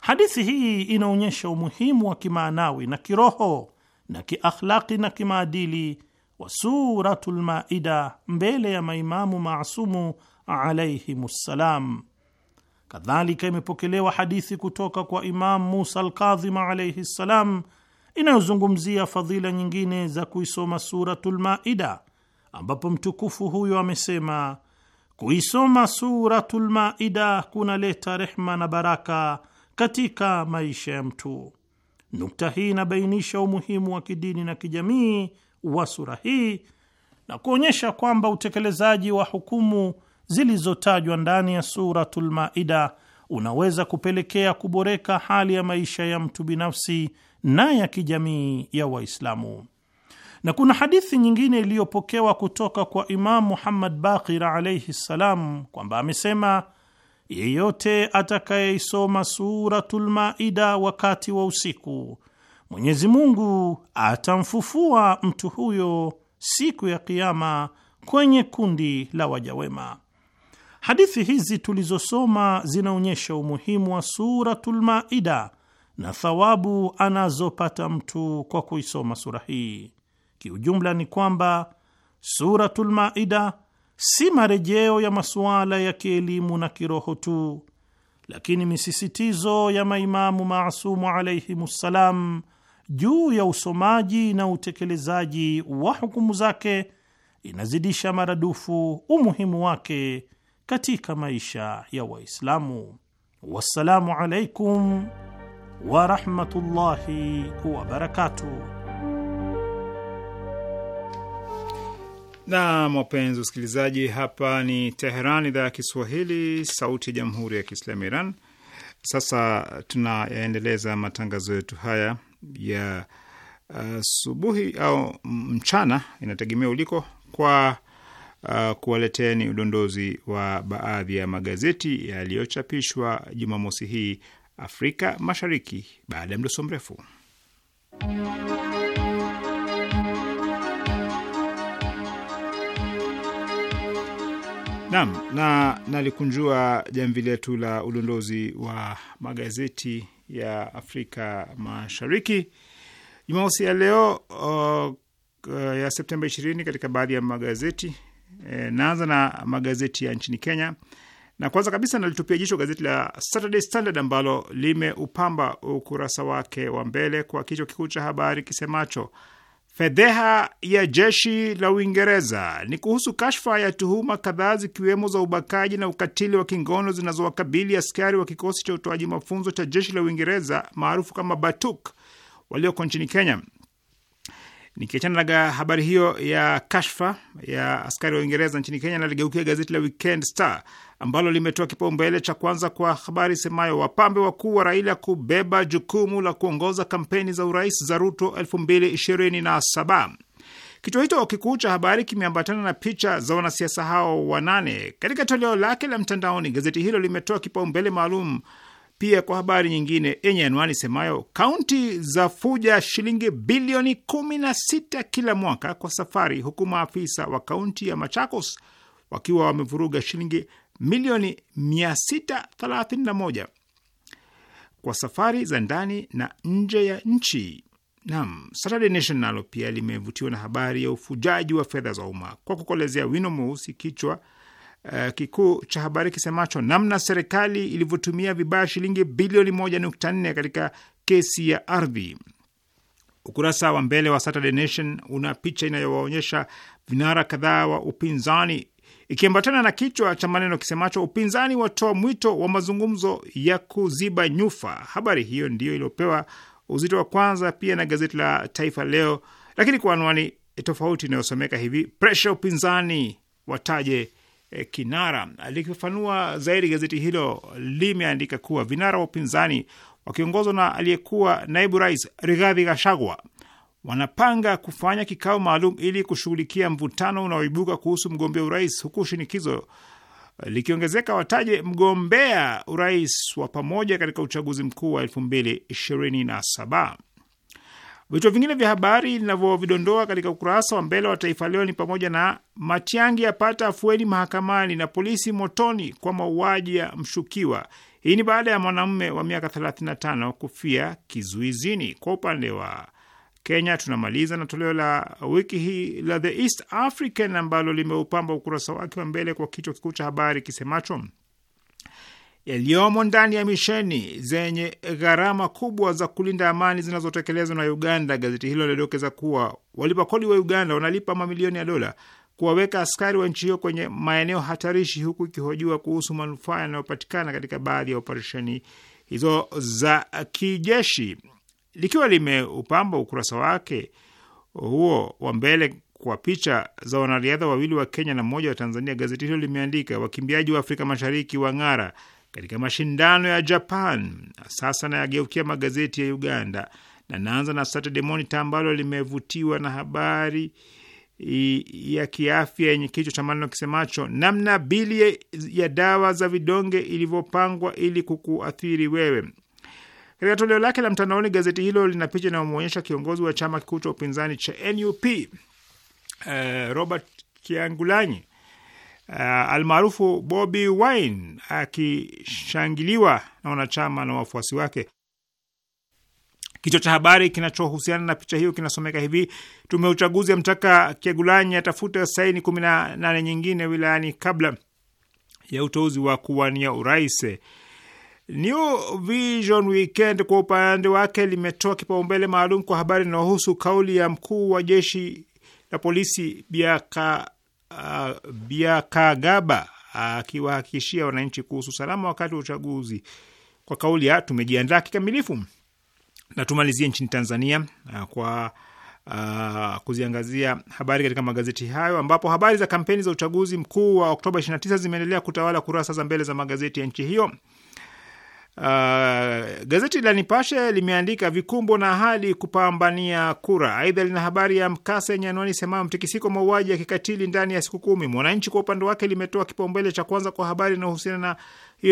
C: Hadithi hii inaonyesha umuhimu wa kimaanawi na kiroho na kiakhlaki na kimaadili wa Suratul Maida mbele ya maimamu maasumu ssalam. Kadhalika imepokelewa hadithi kutoka kwa Imamu Musa Alkadhima alaihi ssalam inayozungumzia fadhila nyingine za kuisoma Suratul Maida, ambapo mtukufu huyo amesema kuisoma Suratul Maida kunaleta rehma na baraka katika maisha ya mtu. Nukta hii inabainisha umuhimu wa kidini na kijamii wa sura hii na kuonyesha kwamba utekelezaji wa hukumu zilizotajwa ndani ya Suratul Maida unaweza kupelekea kuboreka hali ya maisha ya mtu binafsi na ya kijamii ya Waislamu. Na kuna hadithi nyingine iliyopokewa kutoka kwa Imamu Muhammad Baqir alaihi ssalam kwamba amesema, yeyote atakayeisoma Suratul Maida wakati wa usiku, Mwenyezi Mungu atamfufua mtu huyo siku ya Kiama kwenye kundi la wajawema. Hadithi hizi tulizosoma zinaonyesha umuhimu wa Suratul Maida na thawabu anazopata mtu kwa kuisoma sura hii. Kiujumla ni kwamba Suratul Maida si marejeo ya masuala ya kielimu na kiroho tu, lakini misisitizo ya maimamu maasumu ssalam juu ya usomaji na utekelezaji wa hukumu zake inazidisha maradufu umuhimu wake katika maisha ya Waislamu. wassalamu alaikum wa rahmatullahi wa barakatuh. Nam,
B: wapenzi wasikilizaji, hapa ni Teheran, idhaa ya Kiswahili, sauti ya jamhuri ya kiislamu Iran. Sasa tunayaendeleza matangazo yetu haya ya asubuhi uh, au mchana, inategemea uliko, kwa uh, kuwaleteni udondozi wa baadhi ya magazeti yaliyochapishwa Jumamosi hii Afrika Mashariki baada ya mdoso mrefu. Naam, na nalikunjua jamvi letu la udondozi wa magazeti ya Afrika Mashariki Jumamosi ya leo uh, ya Septemba 20 katika baadhi ya magazeti e, naanza na magazeti ya nchini Kenya. Na kwanza kabisa nalitupia jicho gazeti la Saturday Standard ambalo limeupamba ukurasa wake wa mbele kwa kichwa kikuu cha habari kisemacho fedheha ya jeshi la Uingereza. Ni kuhusu kashfa ya tuhuma kadhaa zikiwemo za ubakaji na ukatili wa kingono zinazowakabili askari wa kikosi cha utoaji mafunzo cha jeshi la Uingereza maarufu kama BATUK walioko nchini Kenya. Nikiachana na habari hiyo ya kashfa ya askari wa Uingereza nchini Kenya, naligeukia gazeti la Weekend Star ambalo limetoa kipaumbele cha kwanza kwa habari semayo wapambe wakuu wa Raila kubeba jukumu la kuongoza kampeni za urais za Ruto 2027. Kituo hicho kikuu cha habari kimeambatana na picha za wanasiasa hao wanane. Katika toleo lake la mtandaoni, gazeti hilo limetoa kipaumbele maalum pia kwa habari nyingine yenye anwani semayo kaunti za fuja shilingi bilioni 16 kila mwaka kwa safari, huku maafisa wa kaunti ya Machakos wakiwa wamevuruga shilingi milioni 631 kwa safari za ndani na nje ya nchi. Naam, Saturday Nation nalo pia limevutiwa na habari ya ufujaji wa fedha za umma kwa kukolezea wino mweusi kichwa uh, kikuu cha habari kisemacho namna serikali ilivyotumia vibaya shilingi bilioni moja katika kesi ya ardhi. Ukurasa wa mbele wa Saturday Nation una picha inayowaonyesha vinara kadhaa wa upinzani ikiambatana na kichwa cha maneno kisemacho upinzani watoa mwito wa mazungumzo ya kuziba nyufa. Habari hiyo ndiyo iliyopewa uzito wa kwanza pia na gazeti la Taifa Leo, lakini kwa anwani tofauti inayosomeka hivi: presha upinzani wataje Eh, kinara. Likifafanua zaidi, gazeti hilo limeandika kuwa vinara wa upinzani wakiongozwa na aliyekuwa naibu rais Rigathi Gachagua wanapanga kufanya kikao maalum ili kushughulikia mvutano unaoibuka kuhusu mgombea urais, huku shinikizo eh, likiongezeka wataje mgombea urais wa pamoja katika uchaguzi mkuu wa elfu mbili ishirini na saba. Vichwa vingine vya habari linavyovidondoa katika ukurasa wa mbele wa Taifa Leo ni pamoja na Matiangi yapata afueni mahakamani na polisi motoni kwa mauaji ya mshukiwa. Hii ni baada ya mwanamume wa miaka 35 kufia kizuizini. Kwa upande wa Kenya tunamaliza na toleo la wiki hii la The East African ambalo limeupamba ukurasa wake wa mbele kwa kichwa kikuu cha habari kisemacho yaliyomo ndani ya misheni zenye gharama kubwa za kulinda amani zinazotekelezwa na Uganda. Gazeti hilo lilidokeza kuwa walipa kodi wa Uganda wanalipa mamilioni ya dola kuwaweka askari wa nchi hiyo kwenye maeneo hatarishi, huku ikihojiwa kuhusu manufaa yanayopatikana katika baadhi ya operesheni hizo za kijeshi. Likiwa limeupamba ukurasa wake huo wa mbele kwa picha za wanariadha wawili wa Kenya na mmoja wa Tanzania, gazeti hilo limeandika wakimbiaji wa Afrika Mashariki wang'ara katika mashindano ya Japan. Sasa nayageukia magazeti ya Uganda na naanza na Saturday Monitor ambalo limevutiwa na habari ya kiafya yenye kichwa cha maneno kisemacho namna bili ya dawa za vidonge ilivyopangwa ili kukuathiri wewe. Katika toleo lake la mtandaoni, gazeti hilo lina picha inayomwonyesha kiongozi wa chama kikuu cha upinzani cha NUP, uh, eh, Robert Kiangulanyi uh, almaarufu Bobi Wine akishangiliwa na wanachama na wafuasi wake. Kichwa cha habari kinachohusiana na picha hiyo kinasomeka hivi: tume ya uchaguzi amtaka Kyagulanyi atafute saini kumi na nane nyingine wilayani kabla ya uteuzi wa kuwania urais. New Vision Weekend kwa upande wake limetoa kipaumbele maalum kwa habari inayohusu kauli ya mkuu wa jeshi la polisi Biaka uh, Biakagaba akiwahakikishia uh, wananchi kuhusu usalama wakati wa uchaguzi kwa kauli ya tumejiandaa kikamilifu. Na tumalizie nchini Tanzania uh, kwa Uh, kuziangazia habari katika magazeti hayo ambapo habari za kampeni za uchaguzi mkuu wa Oktoba 29 zimeendelea kutawala kurasa za mbele za magazeti ya nchi hiyo Uh, gazeti la Nipashe limeandika vikumbo na hali kupambania kura. Aidha, lina habari ya mkasa yenye anwani semao mtikisiko, mauaji ya kikatili ndani ya siku kumi. Mwananchi kwa upande wake limetoa kipaumbele cha kwanza kwa habari inayohusiana na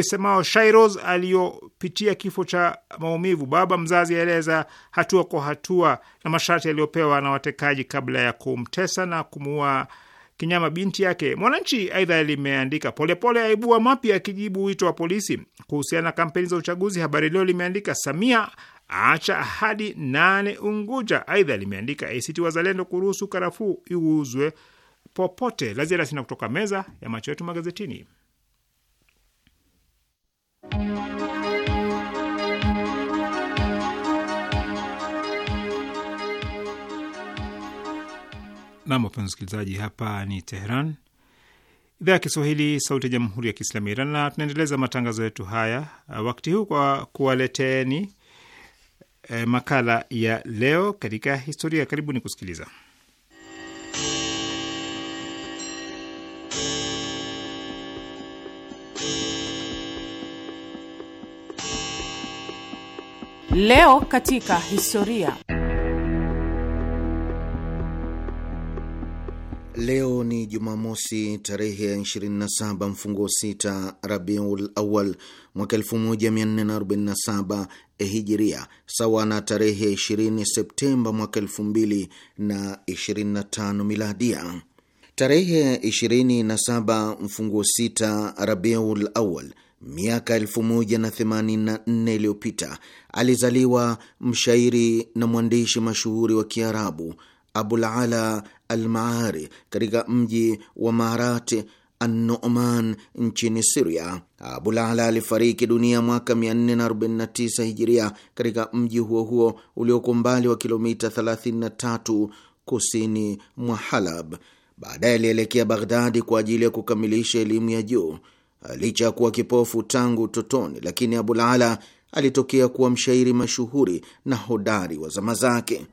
B: semao shairos aliyopitia kifo cha maumivu, baba mzazi aeleza hatua kwa hatua na masharti yaliyopewa na watekaji kabla ya kumtesa na kumuua kinyama binti yake. Mwananchi aidha limeandika Polepole aibua mapya akijibu wito wa polisi kuhusiana na kampeni za uchaguzi. Habari Leo limeandika Samia acha ahadi nane Unguja. Aidha limeandika ACT Wazalendo kuruhusu karafuu iuzwe popote. La ziada sina kutoka meza ya macho yetu magazetini. Nam, wapenzi msikilizaji, hapa ni Teheran, idhaa ya Kiswahili, sauti ya jamhuri ya kiislamu ya Iran, na tunaendeleza matangazo yetu haya uh, wakati huu kwa kuwaleteni e, makala ya leo katika historia. Karibuni kusikiliza.
D: Leo katika historia
E: Leo ni Jumamosi tarehe ya 27 mfunguo sita Rabiul Awal mwaka 1447 Hijiria, sawa na tarehe 20 Septemba mwaka 2025 Miladia. Tarehe 27 mfunguo sita Rabiul Awal miaka 1084 iliyopita alizaliwa mshairi na mwandishi mashuhuri wa Kiarabu Abulala Almaari katika mji wa Marat Annuman nchini Siria. Abulala alifariki dunia mwaka 449 Hijiria katika mji huo huo ulioko umbali wa kilomita 33 kusini mwa Halab. Baadaye alielekea Baghdadi kwa ajili ya kukamilisha elimu ya juu. Licha ya kuwa kipofu tangu utotoni, lakini Abulala alitokea kuwa mshairi mashuhuri na hodari wa zama zake.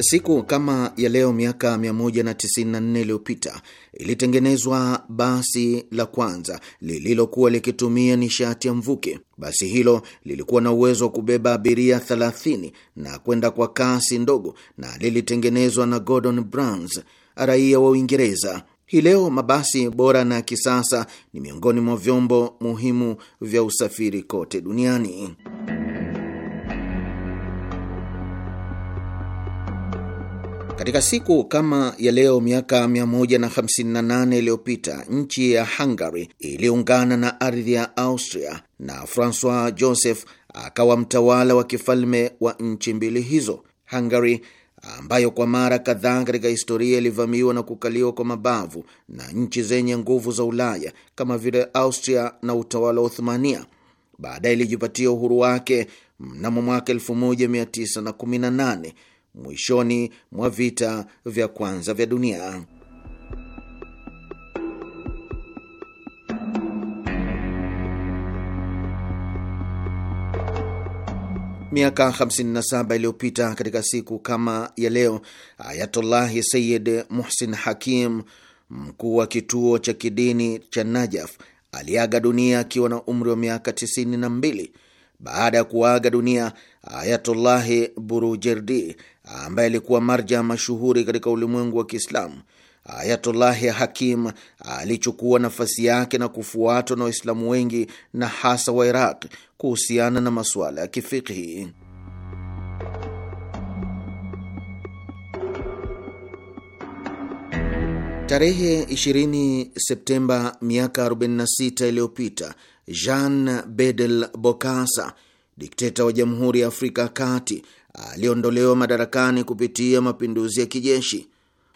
E: Siku kama ya leo miaka 194 iliyopita ilitengenezwa basi la kwanza lililokuwa likitumia nishati ya mvuke. Basi hilo lilikuwa na uwezo wa kubeba abiria 30 na kwenda kwa kasi ndogo, na lilitengenezwa na Gordon Browns, raia wa Uingereza. Hii leo mabasi bora na ya kisasa ni miongoni mwa vyombo muhimu vya usafiri kote duniani. Katika siku kama ya leo miaka 158 iliyopita nchi ya Hungary iliungana na ardhi ya Austria na Francois Joseph akawa mtawala wa kifalme wa nchi mbili hizo. Hungary ambayo kwa mara kadhaa katika historia ilivamiwa na kukaliwa kwa mabavu na nchi zenye nguvu za Ulaya kama vile Austria na utawala wa Uthmania, baadaye ilijipatia uhuru wake mnamo mwaka 1918 mwishoni mwa vita vya kwanza vya dunia. Miaka 57 iliyopita katika siku kama ya leo, Ayatullahi Sayid Muhsin Hakim, mkuu wa kituo cha kidini cha Najaf, aliaga dunia akiwa na umri wa miaka 92. Baada ya kuaga dunia Ayatullahi Burujerdi ambaye alikuwa marja mashuhuri katika ulimwengu wa Kiislamu, Ayatullahi Hakim alichukua nafasi yake na kufuatwa na Waislamu wengi na hasa wa Iraq kuhusiana na masuala ya kifikhi. Tarehe 20 Septemba miaka 46 iliyopita, Jean Bedel Bokassa, dikteta wa Jamhuri ya Afrika ya Kati aliondolewa madarakani kupitia mapinduzi ya kijeshi.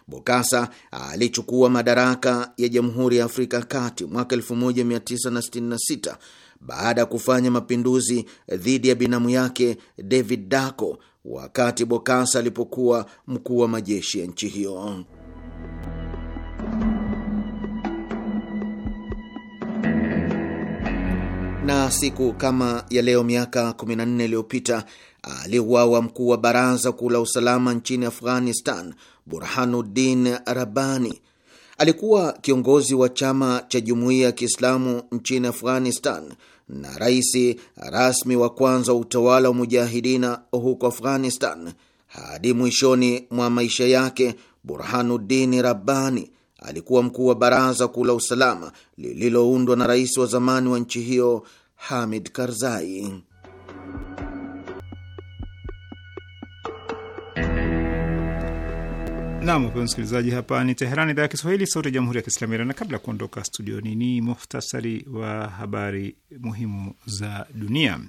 E: Bokassa alichukua madaraka ya Jamhuri ya Afrika ya Kati mwaka 1966 baada ya kufanya mapinduzi dhidi ya binamu yake David Daco, wakati Bokassa alipokuwa mkuu wa majeshi ya nchi hiyo. Na siku kama ya leo miaka 14 iliyopita aliuawa mkuu wa baraza kuu la usalama nchini Afghanistan, Burhanuddin Rabani. Alikuwa kiongozi wa chama cha jumuiya ya Kiislamu nchini Afghanistan na rais rasmi wa kwanza wa utawala wa mujahidina huko Afghanistan. Hadi mwishoni mwa maisha yake, Burhanuddin Rabbani alikuwa mkuu wa baraza kuu la usalama lililoundwa na rais wa zamani wa nchi hiyo Hamid Karzai. Nam upea msikilizaji,
B: hapa ni Teheran, idhaa ya Kiswahili, sauti ya jamhuri ya kiislamu Iran. Na kabla ya kuondoka studioni, ni muhtasari wa habari muhimu za dunia.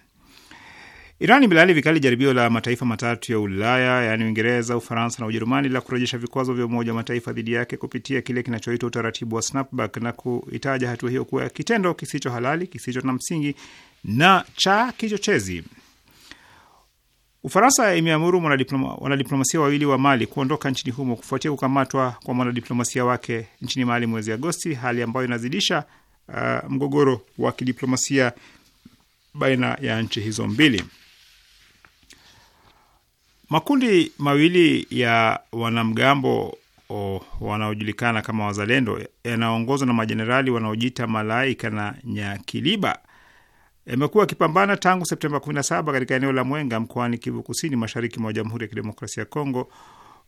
B: Iran imelaani vikali jaribio la mataifa matatu ya Ulaya yaani Uingereza, Ufaransa na Ujerumani la kurejesha vikwazo vya Umoja wa Mataifa dhidi yake kupitia kile kinachoitwa utaratibu wa snapback na kuitaja hatua hiyo kuwa kitendo kisicho halali, kisicho na msingi na cha kichochezi. Ufaransa imeamuru wanadiplomasia wawili wa Mali kuondoka nchini humo kufuatia kukamatwa kwa mwanadiplomasia wake nchini Mali mwezi Agosti, hali ambayo inazidisha uh, mgogoro wa kidiplomasia baina ya nchi hizo mbili. Makundi mawili ya wanamgambo wanaojulikana kama wazalendo yanaongozwa na majenerali wanaojiita Malaika na Nyakiliba yamekuwa yakipambana tangu Septemba 17 katika eneo la Mwenga mkoani Kivu Kusini, mashariki mwa Jamhuri ya Kidemokrasia ya Kongo,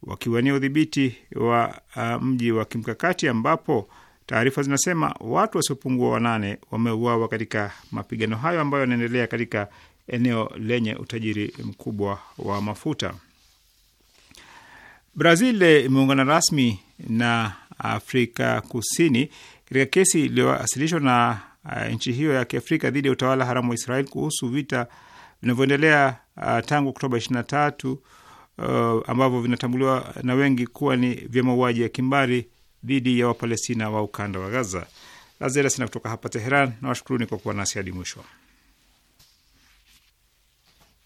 B: wakiwania udhibiti wa uh, mji wa kimkakati ambapo taarifa zinasema watu wasiopungua wanane wameuawa katika mapigano hayo ambayo yanaendelea katika eneo lenye utajiri mkubwa wa mafuta. Brazil imeungana rasmi na Afrika Kusini katika kesi iliyowasilishwa na uh, nchi hiyo ya Kiafrika dhidi ya utawala haramu wa Israel kuhusu vita vinavyoendelea uh, tangu Oktoba 23 uh, ambavyo vinatambuliwa na wengi kuwa ni vya mauaji ya kimbari dhidi ya Wapalestina wa ukanda wa Gaza. Lazerasina kutoka hapa Teheran Nawashukuruni kwa kuwa nasi hadi mwisho.